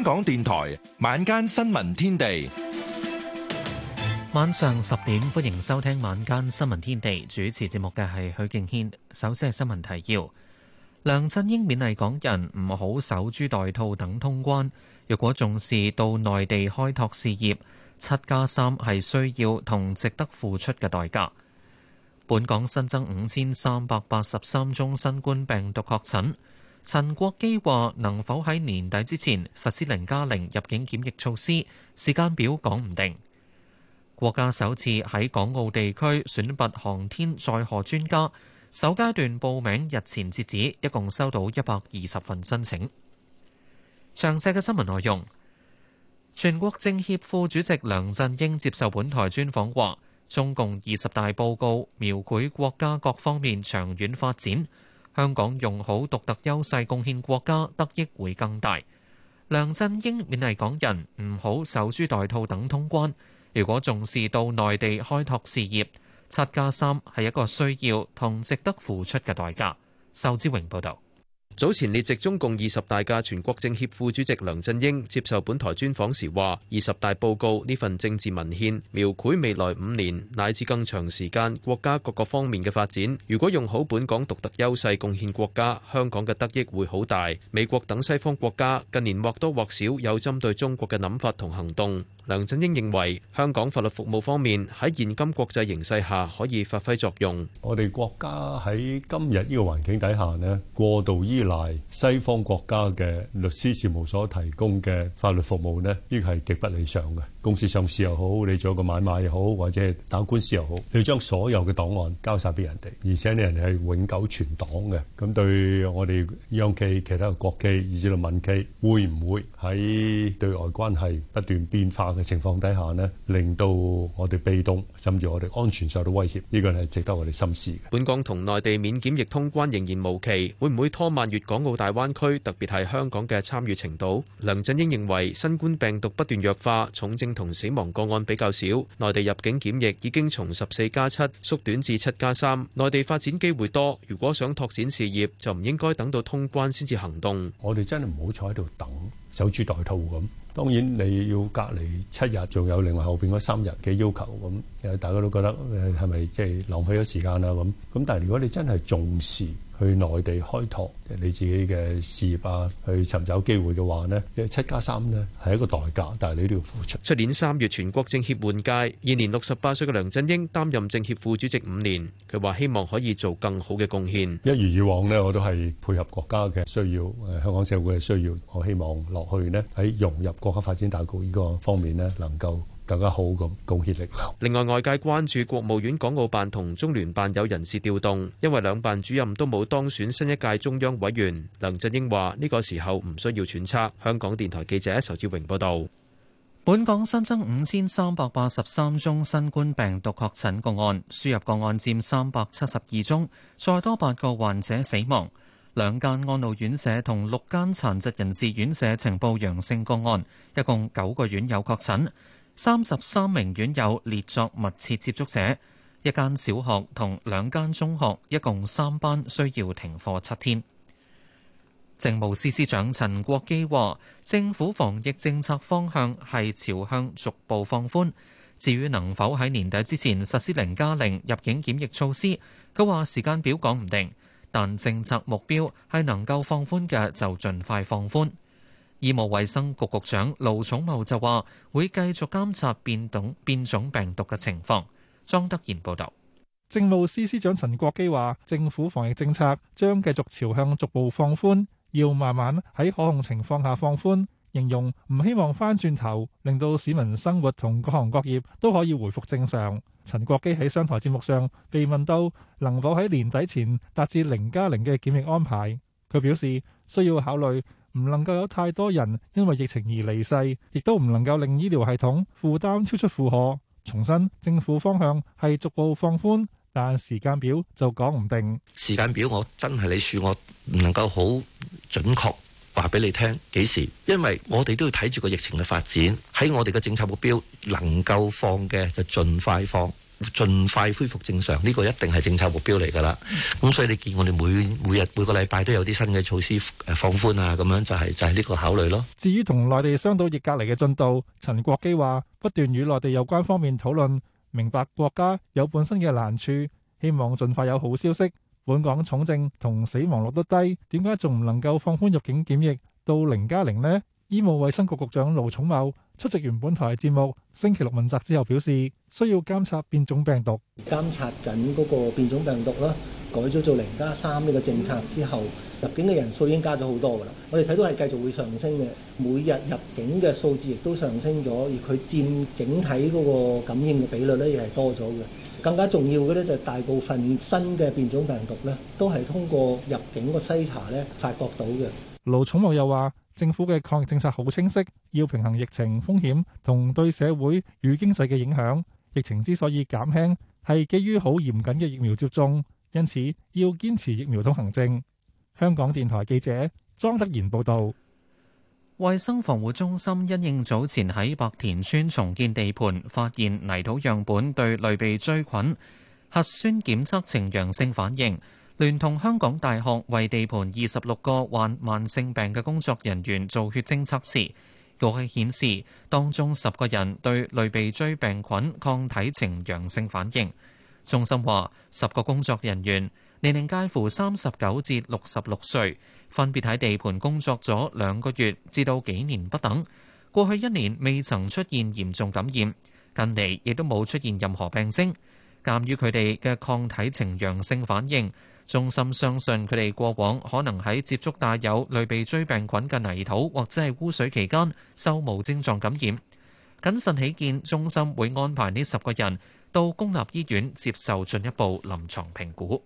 香港電台晚間新聞天地，晚上十點歡迎收聽晚間新聞天地。主持節目嘅係許敬軒。首先係新聞提要：梁振英勉勵港人唔好守株待兔等通關，若果重視到內地開拓事業，七加三係需要同值得付出嘅代價。本港新增五千三百八十三宗新冠病毒確診。陳國基話：能否喺年底之前實施零加零入境檢疫措施？時間表講唔定。國家首次喺港澳地區選拔航天載荷專家，首階段報名日前截止，一共收到一百二十份申請。詳細嘅新聞內容。全國政協副主席梁振英接受本台專訪話：中共二十大報告描繪國家各方面長遠發展。香港用好獨特優勢貢獻國家得益會更大。梁振英勉勵港人唔好守株待兔等通關，如果重視到內地開拓事業，七加三係一個需要同值得付出嘅代價，仇志榮報道。早前列席中共二十大嘅全國政協副主席梁振英接受本台專訪時話，二十大報告呢份政治文獻描繪未來五年乃至更長時間國家各個方面嘅發展。如果用好本港獨特優勢貢獻國家，香港嘅得益會好大。美國等西方國家近年或多或少有針對中國嘅諗法同行動。梁振英認為，香港法律服務方面喺現今國際形勢下可以發揮作用。我哋國家喺今日呢個環境底下呢，過度依賴西方國家嘅律師事務所提供嘅法律服務呢，呢個係極不理想嘅。公司上市又好，你做一個買賣又好，或者係打官司又好，你要將所有嘅檔案交晒俾人哋，而且呢人係永久存檔嘅。咁對我哋央企、其他嘅國企、以至係民企，會唔會喺對外關係不斷變化情況底下呢，令到我哋被動，甚至我哋安全受到威脅，呢個係值得我哋深思嘅。本港同內地免檢疫通關仍然無期，會唔會拖慢粵港澳大灣區，特別係香港嘅參與程度？梁振英認為，新冠病毒不斷弱化，重症同死亡個案比較少，內地入境檢疫已經從十四加七縮短至七加三，內地發展機會多。如果想拓展事業，就唔應該等到通關先至行動。我哋真係唔好坐喺度等。守株待兔咁，當然你要隔離七日，仲有另外後面嗰三日嘅要求咁，誒大家都覺得誒係咪即係浪費咗時間啦咁？咁但係如果你真係重視，去內地開拓你自己嘅事業啊，去尋找機會嘅話呢，七加三呢係一個代價，但係你都要付出。出年三月全國政協換屆，現年六十八歲嘅梁振英擔任政協副主席五年，佢話希望可以做更好嘅貢獻。一如以往呢，我都係配合國家嘅需要，香港社會嘅需要，我希望落去呢，喺融入國家發展大局呢個方面呢，能夠。更加好咁，貢獻力量。另外，外界關注國務院港澳辦同中聯辦有人事調動，因為兩辦主任都冇當選新一屆中央委員，梁振英話呢個時候唔需要揣測，香港電台記者仇志榮報道。本港新增五千三百八十三宗新冠病毒確診個案，輸入個案佔三百七十二宗，再多八個患者死亡。兩間安老院舍同六間殘疾人士院舍呈報陽性個案，一共九個院友確診。三十三名院友列作密切接觸者，一間小學同兩間中學一共三班需要停課七天。政務司司長陳國基話，政府防疫政策方向係朝向逐步放寬，至於能否喺年底之前實施零加零入境檢疫措施，佢話時間表講唔定，但政策目標係能夠放寬嘅就盡快放寬。醫務衛生局局長盧寵茂就話會繼續監察變動變種病毒嘅情況。莊德賢報道。政務司司長陳國基話，政府防疫政策將繼續朝向逐步放寬，要慢慢喺可控情況下放寬。形容唔希望返轉頭，令到市民生活同各行各業都可以回復正常。陳國基喺商台節目上被問到能否喺年底前達至零加零嘅檢疫安排，佢表示需要考慮。唔能夠有太多人因為疫情而離世，亦都唔能夠令醫療系統負擔超出負荷。重申，政府方向係逐步放寬，但時間表就講唔定。時間表我真係你恕我唔能夠好準確話俾你聽幾時，因為我哋都要睇住個疫情嘅發展，喺我哋嘅政策目標能夠放嘅就盡快放。盡快恢復正常，呢、這個一定係政策目標嚟噶啦。咁、嗯、所以你見，我哋每每日每個禮拜都有啲新嘅措施誒放寬啊，咁樣、就是，就係就係呢個考慮咯。至於同內地商討疫隔離嘅進度，陳國基話不斷與內地有關方面討論，明白國家有本身嘅難處，希望盡快有好消息。本港重症同死亡率都低，點解仲唔能夠放寬入境檢疫到零加零呢？醫務衛生局局長盧寵茂出席完本台嘅節目，星期六問責之後表示，需要監察變種病毒。監察緊嗰個變種病毒啦，改咗做零加三呢個政策之後，入境嘅人數已經加咗好多噶啦。我哋睇到係繼續會上升嘅，每日入境嘅數字亦都上升咗，而佢佔整體嗰個感染嘅比率咧，亦係多咗嘅。更加重要嘅咧，就大部分新嘅變種病毒咧，都係通過入境個篩查咧發覺到嘅。盧寵茂又話。政府嘅抗疫政策好清晰，要平衡疫情風險同對社會與經濟嘅影響。疫情之所以減輕，係基於好嚴謹嘅疫苗接種，因此要堅持疫苗通行證。香港電台記者莊德賢報道。衛生防護中心因應早前喺白田村重建地盤發現泥土樣本對類鼻疽菌核酸檢測呈陽性反應，聯同香港大學為地盤二十六個患慢性病嘅工作人員做血清測試，結果顯示當中十個人對類鼻疽病菌抗體呈陽性反應。中心話：十個工作人員年齡介乎三十九至六十六歲，分別喺地盤工作咗兩個月至到幾年不等。過去一年未曾出現嚴重感染，近嚟亦都冇出現任何病徵。鑑於佢哋嘅抗體呈陽性反應。中心相信佢哋過往可能喺接觸帶有類鼻疽病菌嘅泥土或者係污水期間收無症狀感染。謹慎起見，中心會安排呢十個人到公立醫院接受進一步臨床評估。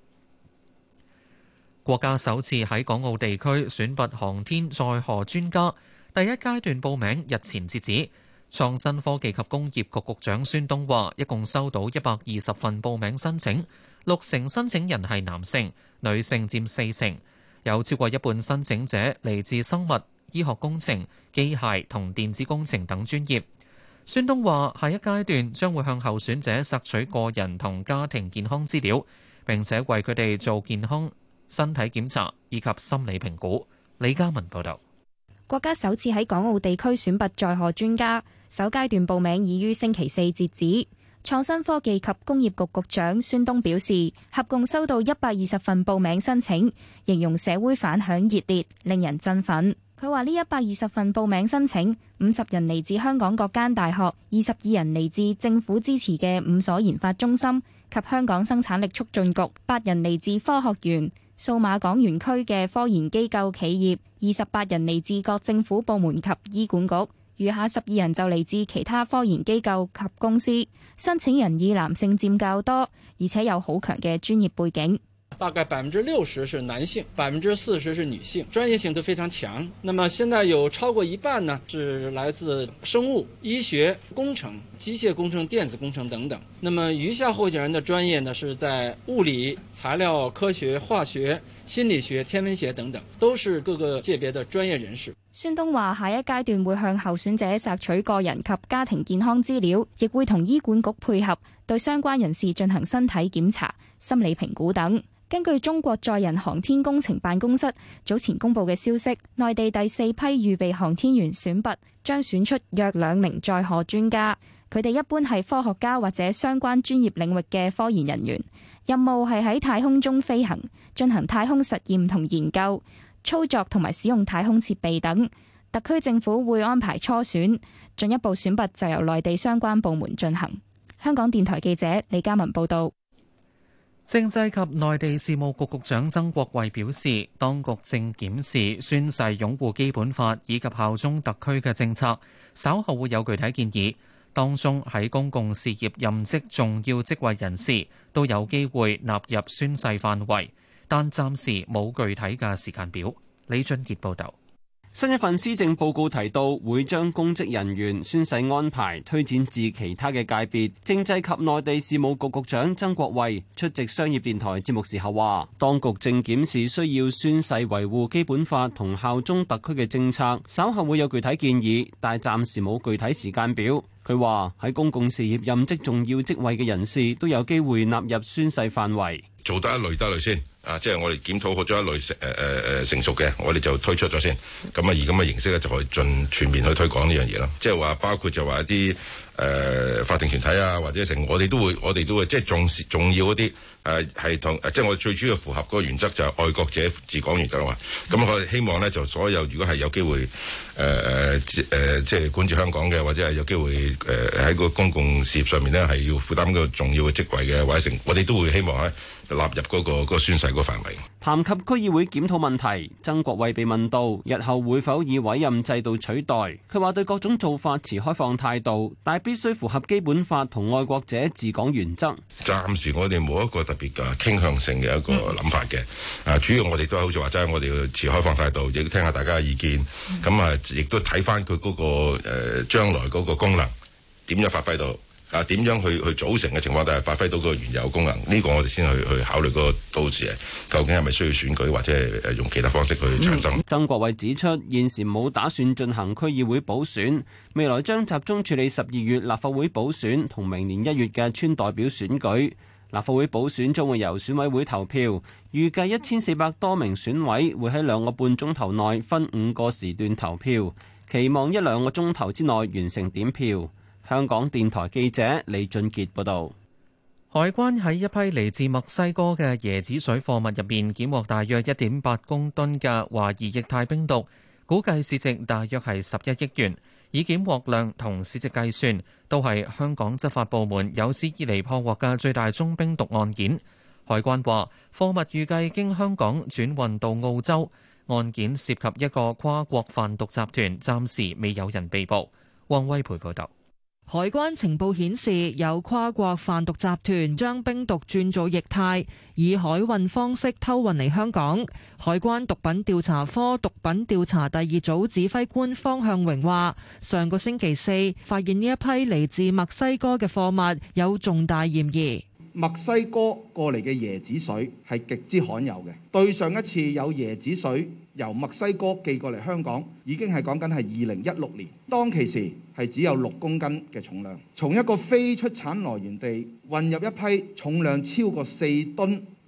國家首次喺港澳地區選拔航天載荷專家，第一階段報名日前截止。創新科技及工業局局局長孫東話，一共收到一百二十份報名申請。六成申請人係男性，女性佔四成，有超過一半申請者嚟自生物、醫學工程、機械同電子工程等專業。孫東話：下一階段將會向候選者索取個人同家庭健康資料，並且為佢哋做健康身體檢查以及心理評估。李嘉文報導，國家首次喺港澳地區選拔載荷專家，首階段報名已於星期四截止。創新科技及工業局局長孫東表示，合共收到一百二十份報名申請，形容社會反響熱烈，令人振奮。佢話呢一百二十份報名申請，五十人嚟自香港各間大學，二十二人嚟自政府支持嘅五所研發中心及香港生產力促進局，八人嚟自科學園、數碼港園區嘅科研機構企業，二十八人嚟自各政府部門及醫管局，餘下十二人就嚟自其他科研機構及公司。申請人以男性佔較多，而且有好強嘅專業背景。大概百分之六十是男性，百分之四十是女性，專業性都非常強。那麼現在有超過一半呢，是來自生物、醫學、工程、機械工程、電子工程等等。那麼餘下候選人的專業呢，是在物理、材料、科學、化學、心理學、天文學等等，都是各個界別的專業人士。孫東話：下一階段會向候選者索取個人及家庭健康資料，亦會同醫管局配合，對相關人士進行身體檢查、心理評估等。根據中國載人航天工程辦公室早前公布嘅消息，內地第四批預備航天員選拔將選出約兩名載荷專家，佢哋一般係科學家或者相關專業領域嘅科研人員，任務係喺太空中飛行，進行太空實驗同研究。操作同埋使用太空設備等，特區政府會安排初選，進一步選拔就由內地相關部門進行。香港電台記者李嘉文報道。政制及內地事務局局長曾國衛表示，當局正檢視宣誓擁護基本法以及效忠特區嘅政策，稍後會有具體建議，當中喺公共事業任職重要職位人士都有機會納入宣誓範圍。但暫時冇具體嘅時間表。李俊傑報導，新一份施政報告提到會將公職人員宣誓安排推展至其他嘅界別。政制及內地事務局局長曾國衛出席商業電台節目時候話，當局正檢視需要宣誓維護基本法同效忠特區嘅政策，稍後會有具體建議，但暫時冇具體時間表。佢話喺公共事業任職重要職位嘅人士都有機會納入宣誓範圍。做得一類得一類先。啊，即係我哋檢討好咗一類成誒誒，呃呃，成熟嘅，我哋就推出咗先。咁啊，以咁嘅形式咧，就可以盡全面去推廣呢樣嘢咯。即係話包括就話啲誒法定團體啊，或者成，我哋都會我哋都會即係重重要一啲誒係同，即係我哋最主要符合嗰個原則就係愛國者治港原則嘛。咁我哋希望咧就所有如果係有機會。誒誒誒，即係管住香港嘅，或者係有機會誒喺個公共事業上面呢，係要負擔個重要嘅職位嘅，或者成我哋都會希望咧納入嗰個宣誓嗰範圍。談及區議會檢討問題，曾國衞被問到日後會否以委任制度取代，佢話對各種做法持開放態度，但係必須符合基本法同愛國者治港原則。暫時我哋冇一個特別嘅傾向性嘅一個諗法嘅，啊、嗯，主要我哋都係好似話齋，我哋要持開放態度，亦都聽下大家嘅意見，咁啊。亦都睇翻佢嗰個誒將來嗰個功能點樣發揮到啊？點樣去去組成嘅情況下發揮到個原有功能？呢個我哋先去去考慮嗰個到時究竟係咪需要選舉或者係用其他方式去產生，嗯。曾國衛指出，現時冇打算進行區議會補選，未來將集中處理十二月立法會補選同明年一月嘅村代表選舉。立法會補選將會由選委會投票，預計一千四百多名選委會喺兩個半鐘頭內分五個時段投票，期望一兩個鐘頭之內完成點票。香港電台記者李俊傑報道。海關喺一批嚟自墨西哥嘅椰子水貨物入面，檢獲大約一點八公噸嘅懷疑液態冰毒，估計市值大約係十一億元。以檢獲量同市值計算，都係香港執法部門有史以嚟破獲嘅最大宗冰毒案件。海關話，貨物預計經香港轉運到澳洲，案件涉及一個跨國販毒集團，暫時未有人被捕。王威培報道。海關情報顯示，有跨國販毒集團將冰毒轉做液態，以海運方式偷運嚟香港。海關毒品調查科毒品調查第二組指揮官方向榮話，上個星期四發現呢一批嚟自墨西哥嘅貨物有重大嫌疑。墨西哥過嚟嘅椰子水係極之罕有嘅，對上一次有椰子水，由墨西哥寄過嚟香港，已經係講緊係二零一六年，當其時係只有六公斤嘅重量，從一個非出產來源地運入一批重量超過四噸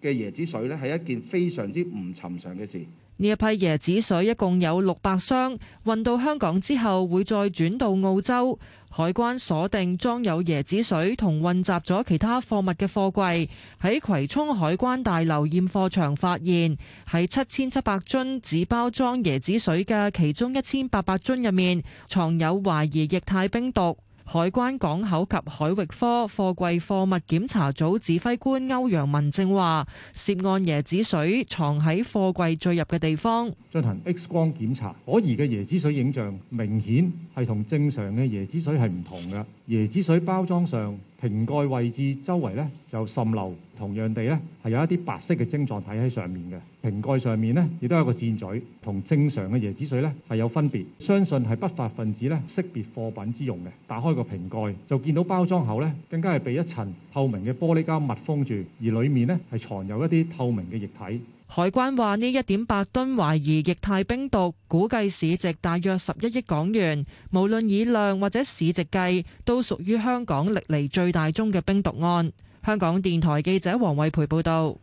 嘅椰子水呢，係一件非常之唔尋常嘅事。呢一批椰子水一共有六百箱，運到香港之後會再轉到澳洲。海關鎖定裝有椰子水同混雜咗其他貨物嘅貨櫃，喺葵涌海關大樓驗貨場發現，喺七千七百樽紙包裝椰子水嘅其中一千八百樽入面藏有懷疑液態冰毒。海關港口及海域科貨櫃貨物檢查組指揮官歐陽文正話，涉案椰子水藏喺貨櫃最入嘅地方，進行 X 光檢查，可疑嘅椰子水影像明顯係同正常嘅椰子水係唔同嘅，椰子水包裝上。瓶蓋位置周圍呢就滲漏，同樣地呢係有一啲白色嘅晶狀體喺上面嘅。瓶蓋上面呢亦都有一個箭嘴，同正常嘅椰子水呢係有分別。相信係不法分子呢識別貨品之用嘅。打開個瓶蓋就見到包裝口呢更加係被一層透明嘅玻璃膠密封住，而裡面呢係藏有一啲透明嘅液體。海關話呢一點八噸懷疑液態冰毒，估計市值大約十一億港元。無論以量或者市值計，都屬於香港歷嚟最大宗嘅冰毒案。香港電台記者黃偉培報道。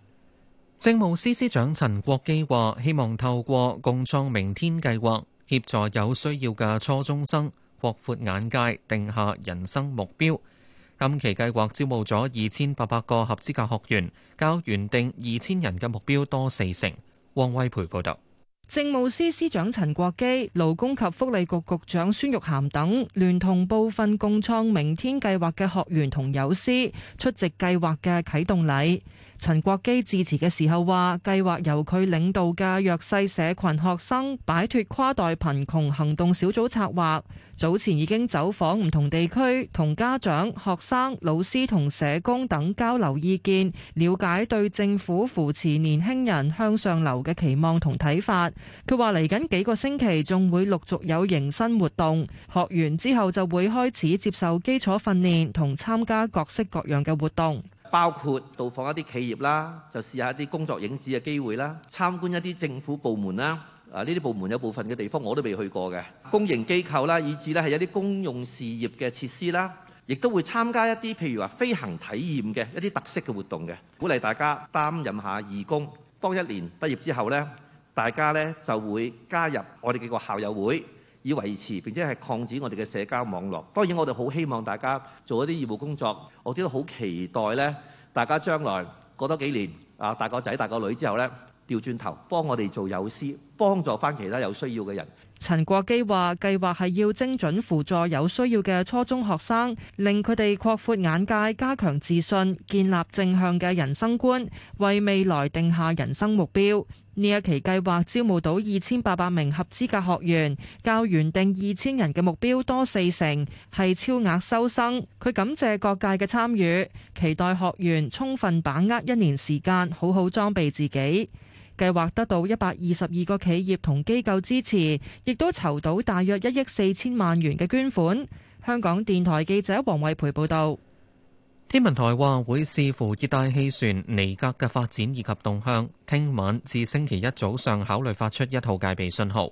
政務司司長陳國基話，希望透過共創明天計劃，協助有需要嘅初中生擴闊眼界，定下人生目標。今期計劃招募咗二千八百個合資格學員，較原定二千人嘅目標多四成。汪威培報道。政務司司長陳國基、勞工及福利局局長孫玉菡等，聯同部分共創明天計劃嘅學員同有師出席計劃嘅啟動禮。陳國基致辭嘅時候話，計劃由佢領導嘅弱勢社群學生擺脫跨代貧窮行動小組策劃，早前已經走訪唔同地區，同家長、學生、老師同社工等交流意見，了解對政府扶持年輕人向上流嘅期望同睇法。佢話嚟緊幾個星期仲會陸續有迎新活動，學完之後就會開始接受基礎訓練同參加各式各樣嘅活動。包括到訪一啲企業啦，就試下一啲工作影子嘅機會啦；參觀一啲政府部門啦，啊呢啲部門有部分嘅地方我都未去過嘅；啊、公營機構啦，以至呢係一啲公用事業嘅設施啦，亦都會參加一啲譬如話飛行體驗嘅一啲特色嘅活動嘅，鼓勵大家擔任下義工。當一年畢業之後呢，大家呢就會加入我哋幾個校友會。以維持並且係擴展我哋嘅社交網絡。當然，我哋好希望大家做一啲義務工作，我哋都好期待大家將來過多幾年啊，大個仔大個女之後咧，調轉頭幫我哋做友師，幫助返其他有需要嘅人。陳國基話：計劃係要精準輔助有需要嘅初中學生，令佢哋擴闊眼界、加強自信、建立正向嘅人生觀，為未來定下人生目標。呢一期計劃招募到二千八百名合資格學員，較原定二千人嘅目標多四成，係超額收生。佢感謝各界嘅參與，期待學員充分把握一年時間，好好裝備自己。計劃得到一百二十二個企業同機構支持，亦都籌到大約一億四千萬元嘅捐款。香港電台記者黃慧培報道。天文台話會視乎熱帶氣旋尼格嘅發展以及動向，聽晚至星期一早上考慮發出一號戒備信號。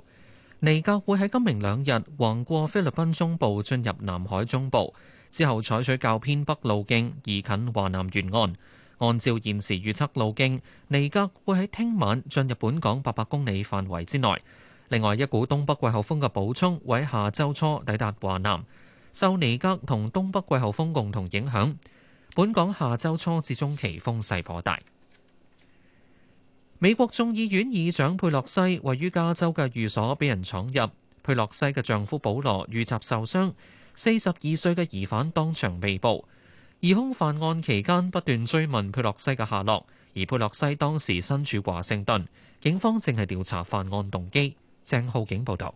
尼格會喺今明兩日橫過菲律賓中部，進入南海中部，之後採取較偏北路徑移近華南沿岸。按照現時預測路徑，尼格會喺聽晚進入本港800公里範圍之內。另外一股東北季候風嘅補充會喺下週初抵達華南。受尼格同東北季候風共同影響，本港下周初至中期風勢頗大。美國眾議院議長佩洛西位於加州嘅寓所被人闖入，佩洛西嘅丈夫保羅遇襲受傷，四十二歲嘅疑犯當場被捕。疑凶犯案期間不斷追問佩洛西嘅下落，而佩洛西當時身處華盛頓，警方正係調查犯案動機。鄭浩景報道。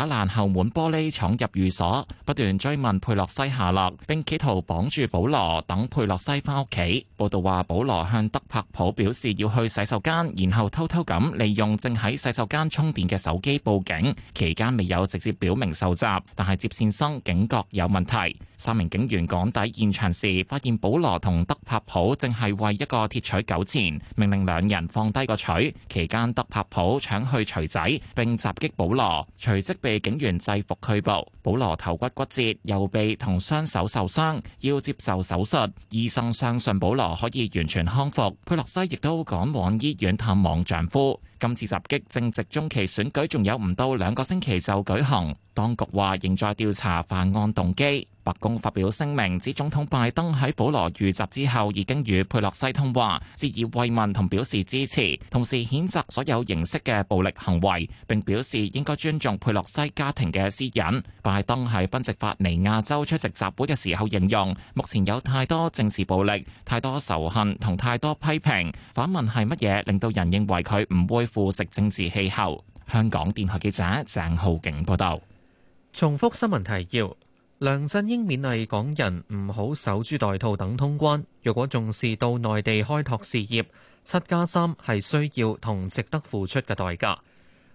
打爛後門玻璃闖入寓所，不斷追問佩洛西下落，並企圖綁住保羅等佩洛西返屋企。報道話，保羅向德帕普表示要去洗手間，然後偷偷咁利用正喺洗手間充電嘅手機報警。期間未有直接表明受襲，但係接線生警覺有問題。三名警員趕抵現場時，發現保羅同德帕普正係為一個鐵錘糾纏，命令兩人放低個錘。期間德帕普搶去錘仔並襲擊保羅，隨即被被警員制服拘捕，保羅頭骨骨折、右臂同雙手受傷，要接受手術。醫生相信保羅可以完全康復。佩洛西亦都趕往醫院探望丈夫。今次襲擊正值中期選舉，仲有唔到兩個星期就舉行。當局話仍在調查犯案動機。白宮發表聲明，指總統拜登喺保羅遇襲之後已經與佩洛西通話，致以慰問同表示支持，同時譴責所有形式嘅暴力行為，並表示應該尊重佩洛西家庭嘅私隱。拜登喺賓夕法尼亞州出席集會嘅時候形容，目前有太多政治暴力、太多仇恨同太多批評，反問係乜嘢令到人認為佢唔會。腐蝕政治氣候。香港電台記者鄭浩景報道。重複新聞提要。梁振英勉勵港人唔好守株待兔等通關，若果重視到內地開拓事業，七加三係需要同值得付出嘅代價，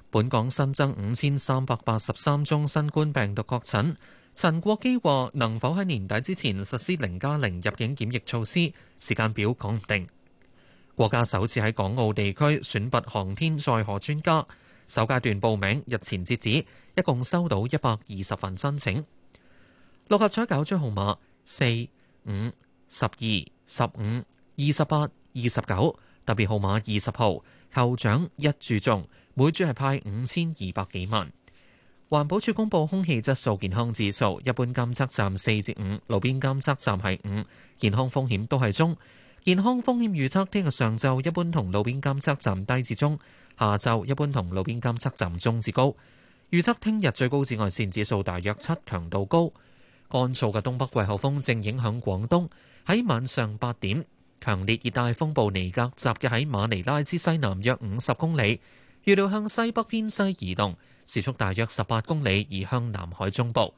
本港新增五千三百八十三宗新冠病毒確診。陳國基話能否喺年底之前實施零加零入境檢疫措施，時間表講唔定。國家首次喺港澳地區選拔航天載荷專家，首階段報名日前截止，一共收到一百二十份申請。六合彩九張號碼四、五、十二、十五、二十八、二十九，特別號碼二十號，頭獎一注中，每注係派五千二百幾萬。環保署公布空氣質素健康指數，一般監測站四至五，5, 路邊監測站係五，健康風險都係中。健康風險預測，聽日上晝一般同路邊監測站低至中，下晝一般同路邊監測站中至高。預測聽日最高紫外線指數大約七，強度高。乾燥嘅東北季候風正影響廣東，喺晚上八點，強烈熱帶風暴尼格集結喺馬尼拉之西南約五十公里，預料向西北偏西移動，時速大約十八公里，移向南海中部。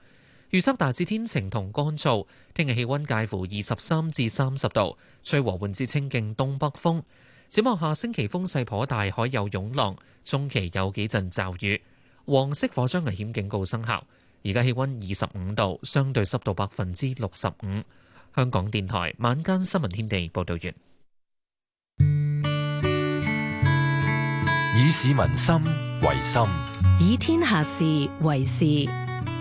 預測大致天晴同乾燥，聽日氣溫介乎二十三至三十度，吹和緩至清勁東北風。展望下星期風勢頗大，海有湧浪，中期有幾陣驟雨。黃色火災危險警告生效。而家氣溫二十五度，相對濕度百分之六十五。香港電台晚間新聞天地報道完。以市民心為心，以天下事為事。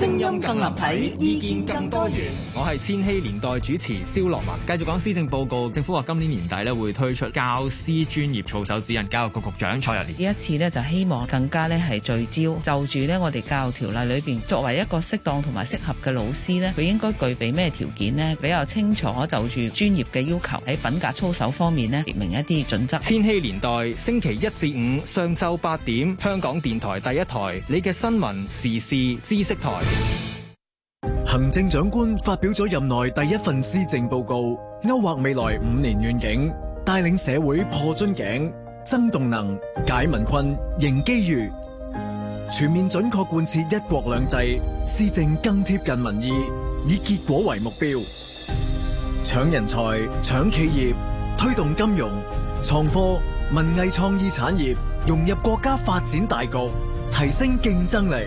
聲音更立體，意見更多元。我係千禧年代主持蕭樂文，繼續講施政報告。政府話今年年底咧會推出教師專業操守指引。教育局局長蔡若蓮，呢一次咧就希望更加咧係聚焦就住咧我哋教育條例裏邊作為一個適當同埋適合嘅老師咧，佢應該具備咩條件呢？比較清楚就住專業嘅要求，喺品格操守方面列明一啲準則。千禧年代，星期一至五上晝八點，香港電台第一台，你嘅新聞時事知識台。行政長官發表咗任內第一份施政報告，勾畫未來五年願景，帶領社會破樽頸、增動能、解民困、迎機遇，全面準確貫徹一國兩制，施政更貼近民意，以結果為目標，搶人才、搶企業，推動金融、創科、文藝創意產業融入國家發展大局，提升競爭力。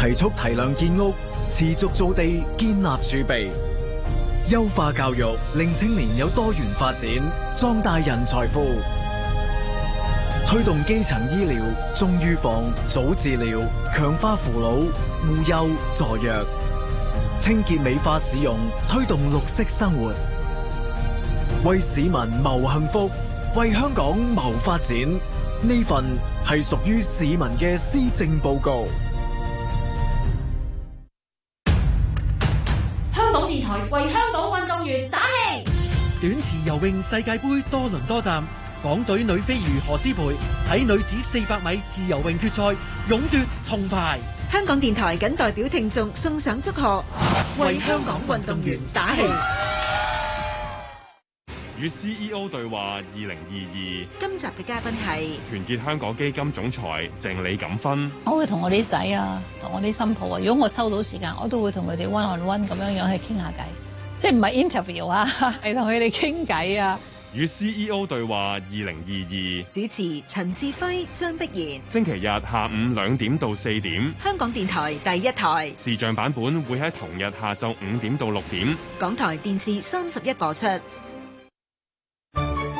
提速提量建屋，持續造地建立儲備；優化教育，令青年有多元發展，壯大人才庫；推動基層醫療，重預防、早治療，強化扶老、護幼助弱；清潔美化市容，推動綠色生活，為市民謀幸福，為香港謀發展。呢份係屬於市民嘅施政報告。短池游泳世界杯多倫多站，港隊女飛魚何詩蓓喺女子四百米自由泳決賽勇奪銅牌。香港電台僅代表聽眾送上祝賀，為香港運動員打氣。與 CEO 對話二零二二，今集嘅嘉賓係團結香港基金總裁鄭李錦芬。我會同我啲仔啊，同我啲新抱啊，如果我抽到時間，我都會同佢哋 one on one 咁樣樣去傾下偈。即係唔係 interview 啊，係同佢哋傾偈啊。與 CEO 對話二零二二，主持陳志輝、張璧賢。星期日下午兩點到四點，香港電台第一台視像版本會喺同日下晝五點到六點，港台電視三十一播出。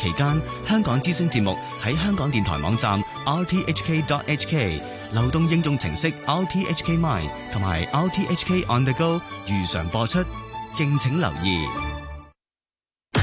期間，香港之聲節目喺香港電台網站 rthk.hk、流動應用程式 rthk mine 同埋 rthk on the go 如常播出，敬請留意。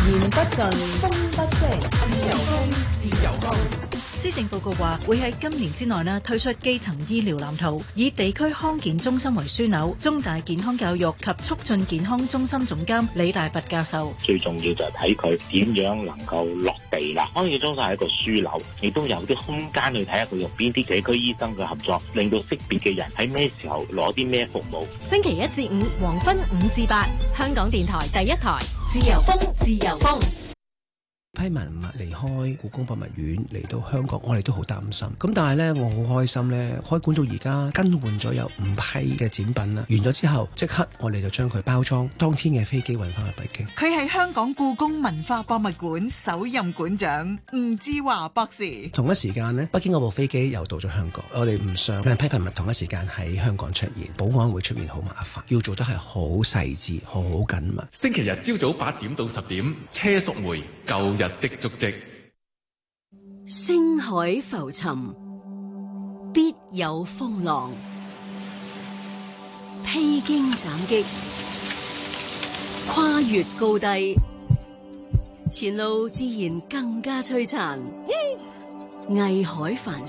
言不盡風不息，自由風自由風施政報告話會喺今年之內推出基層醫療藍圖，以地區康健中心為樞紐。中大健康教育及促進健康中心總監李大拔教授，最重要就係睇佢點樣能夠落地啦。康健中心係一個樞紐，亦都有啲空間去睇下佢用邊啲社區醫生嘅合作，令到識別嘅人喺咩時候攞啲咩服務。星期一至五黃昏五至八，香港電台第一台自由風，自由風。一批文物離開故宮博物院嚟到香港，我哋都好擔心。咁但係呢，我好開心呢。開館到而家更換咗有五批嘅展品啦。完咗之後，即刻我哋就將佢包裝，當天嘅飛機運翻去北京。佢係香港故宮文化博物館首任館長吳志華博士。同一時間呢，北京嗰部飛機又到咗香港。我哋唔想批批文物同一時間喺香港出現，保安會出面好麻煩，要做得係好細緻、好緊密。星期日朝早八點到十點，車淑梅舊日。的足迹星海浮沉，必有風浪；披荊斬棘，跨越高低，前路自然更加璀璨。藝 海繁。